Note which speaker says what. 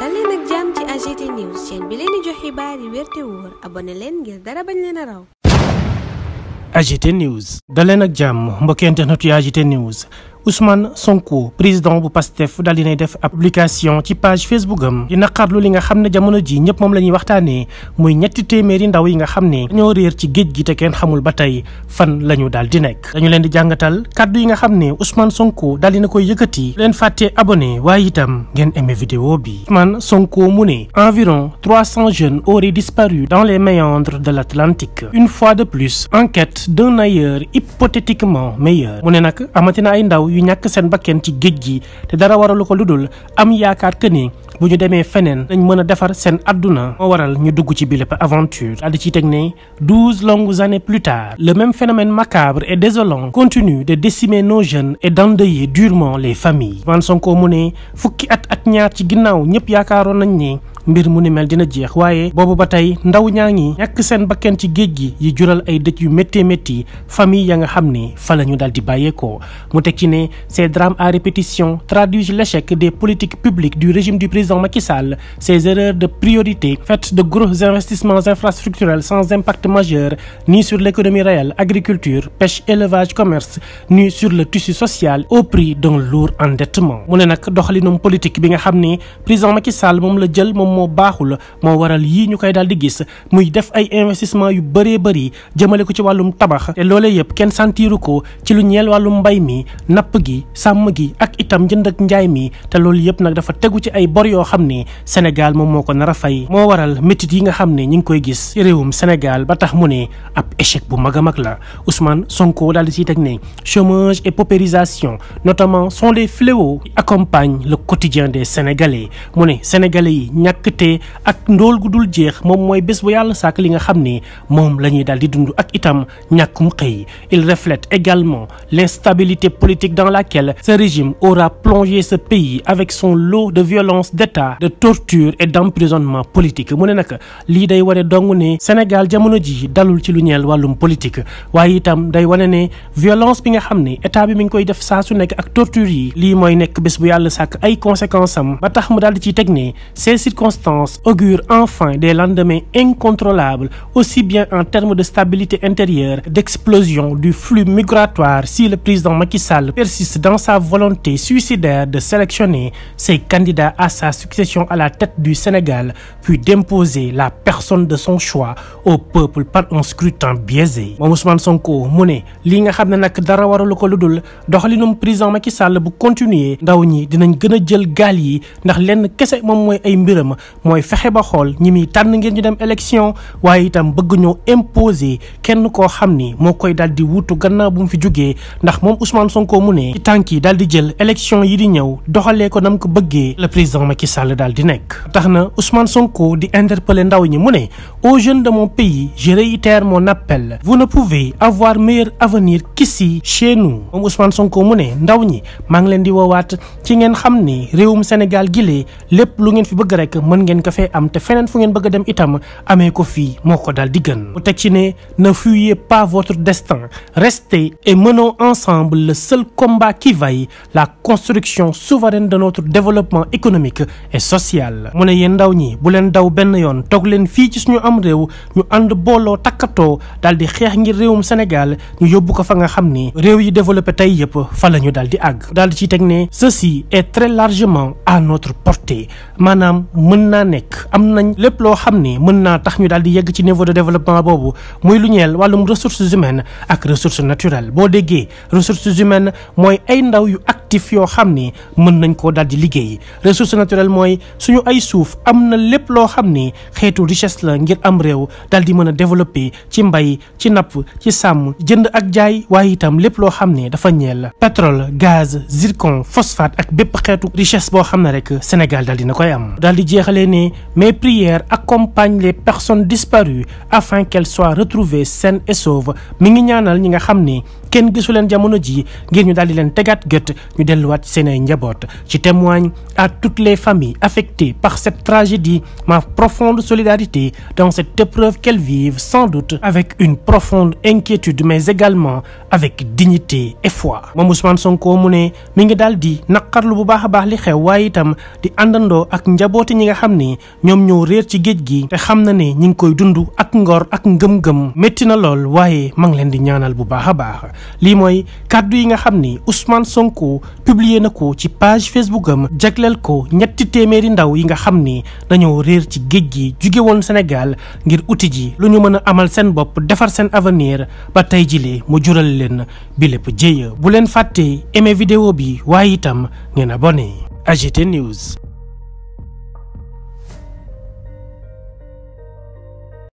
Speaker 1: dal leen ak jàmm ci AGT news chaîne bi leen di jox te wóor abonné leen dara bañ leen a raw. AGT news. dal leen ak jàmm mbokki internet yu AGT news. Ousmane Sonko président bu Pastef daal dinay def ab publication ci page Facebook am di naqarlu li nga xam ne jamono ji ñëpp moom la ñuy waxtaanee muy ñetti téeméeri ndaw yi nga xam ne dañoo réer ci géej gi te kenn xamul ba tey fan la ñu daal di nekk dañu leen di jàngatal kàddu yi nga xam ne Ousmane Sonko daal dina koy yëkkati leen fàtte abonné waaye itam ngeen aimé vidéo bi Ousmane Sonko mu ne environ 300 jeunes auraient disparu dans les méandres de l'Atlantique une fois de plus enquête d'un ailleurs hypothétiquement meilleur mu ne nag amati na ay yu ñàkk seen bakken ci géej gi te dara waralu ko lu dul am yaakaar que ni bu ñu demee feneen dañ mën a defar seen adduna moo waral ñu dugg ci bilép aventure daldi ci teg ne douze longues années plus tard le même phénomène macabre et désolant continue de décimer nos jeunes et d'endeuiller durement les familles Ousmane Sonko mu ne fukki at ak ñaar ci ginnaaw ñëpp yaakaaroon nañ ne mbir mu ni mel dina jeex waaye boobu ba tey ndaw ñaa ngi ñàkk seen bakken ci géej gi yi jural ay dëj yu méttee métti famille ya nga xam ni fa la ñu daal di bàyyeekoo mu teg ci ne ces drames à répétition traduisent l'échec des politiques publiques du régime du président Macky Sall ces erreurs de priorité faites de gros investissements infrastructurels sans impact majeur ni sur l'économie réelle agriculture pêche élevage commerce ni sur le tissu social au prix d'un lourd endettement mu ne nag politique bi nga xam ne président Macky Sall moom la jël moo baaxul moo waral yii ñu koy daal di gis muy def ay investissement yu bëree bëri jëmale ko ci wàllum tabax te loolee yëpp kenn santiiru ko ci lu ñeel wàllum mbay mi napp gi sàmm gi ak itam jënd ak njaay mi te loolu yëpp nag dafa tegu ci ay bor yoo xam ne Sénégal moom moo ko nar a fay moo waral métit yi nga xam ne ñu ngi koy gis ci réewum Sénégal ba tax mu ne ab échec bu mag a mag la Ousmane Sonko daal di ciy teg ne chômage et paupérisation notamment sont des fléaux ñàkktee ak ndool gu dul jeex moom mooy bés bu yàlla sàkk li nga xam ne moom la ñuy daal di dund ak itam ñàkkum xëy il reflète également l'instabilité politique dans laquelle ce régime aura plongé ce pays avec son lot de violence d'État de torture et d'emprisonnement politique mu ne nag lii day ware dong ne Sénégal jamono ji dalul ci lu ñeel wàllum politique waaye itam day wane ne violence bi nga xam ne état bi mi ngi koy def saa su nekk ak torture yi lii mooy nekk bés bu yàlla sàkk ay conséquences am ba tax mu daal di ciy teg circonstances augurent enfin des lendemains incontrôlables, aussi bien en termes de stabilité intérieure, d'explosion du flux migratoire si le président Macky Sall persiste dans sa volonté suicidaire de sélectionner ses candidats à sa succession à la tête du Sénégal, puis d'imposer la personne de son choix au peuple par un scrutin biaisé. moom Ousmane Sonko mu ne lii nga xam ne nag dara waralu ko lu dul doxalinum président Macky Sall bu continuer ndaw ñi dinañ gën a jël gaal yi ndax lenn kese moom mooy ay mbiram mooy fexe ba xool ñi muy tànn ngeen ñu dem élection waaye itam bëgg ñoo imposer kenn koo xam ni moo koy daal di wuutu gannaaw bu mu fi jugee ndax moom Ousmane Sonko mu ne. ci tànk yi daal di jël élection yi di ñëw doxalee ko nam ko bëggee le président Macky Sall daal di nekk. tax na Ousmane Sonko di interpeller ndaw ñi mu ne aux jeunes de mon pays yi réitère moo appel vous ne pouvez avoir meilleur avenir qu'ici chez nous moom Ousmane Sonko mu ne ndaw ñi maa ngi leen di woowaat ci ngeen xam ni réewum Sénégal gi mën ngeen ko fee am te feneen fu ngeen bëgg a dem itam amee ko fii moo ko daal di gën mu teg ci ne ne fuyez pas votre destin reste et menons ensemble le seul combat qui vaille la construction souveraine de notre développement économique et social mu ne yéen ndaw ñi bu leen daw benn yoon toog leen fii ci suñu am réew ñu ànd booloo takkatoo dal di xeex ngir réewum Sénégal ñu yóbbu ko fa nga xam ni réew yi développé tey yëpp fa la ñu daal di àgg daal di ci teg ne ceci très largement à mën naa nekk am nañ lépp loo xam ni mën naa tax ñu daal yegg ci niveau de développement boobu muy lu ñeel wàllum ressources humaines ak ressources naturelles boo déggee ressources humaines mooy ay ndaw ak actif yoo xam ni mën nañ koo daal di liggéey ressource naturelle mooy suñu ay suuf am na lépp loo xam ni xeetu richesse la ngir am réew daal di mën a développer ci mbay ci napp ci sàmm jënd ak jaay waaye itam lépp loo xam ne dafa ñeel pétrole gaz zircon phosphate ak bépp xeetu richesse boo xam ne rek Sénégal daal dina koy am daal di jeexalee ne mes prières accompagnent les personnes disparues afin qu'elles soient retrouvées saines et sauves mi ngi ñaanal ñi nga xam ne kenn gisu leen jamono jii ngir ñu daal di leen tegaat gët ñu delluwaat seen ay njaboot ci témoigne à toutes les familles affectées par cette tragédie ma profonde solidarité dans cette épreuve qu'elles vivent sans doute avec une profonde inquiétude mais également avec dignité et foi moom Ousmane Sonko mu ne mi ngi daal di naqarlu bu baax a baax li xew waaye itam di àndandoo ak njabooti ñi nga xam ne ñoom ñoo réer ci géej gi te xam na ne ñi ngi koy dund ak ngor ak ngëm métti na lool waaye ma ngi leen di ñaanal bu baax a baax lii mooy kàddu yi nga xam ni Ousmane Sonko publier na ko ci page Facebook am jagleel ko ñetti téeméeri ndaw yi nga xam ni dañoo réer ci géej gi jóge woon Sénégal ngir uti ji lu ñu mën a amal seen bopp defar seen avenir ba tey jile mu jural leen bi lépp jéya bu leen fàtte aimer vidéo bi waaye itam ngeen bone AGT News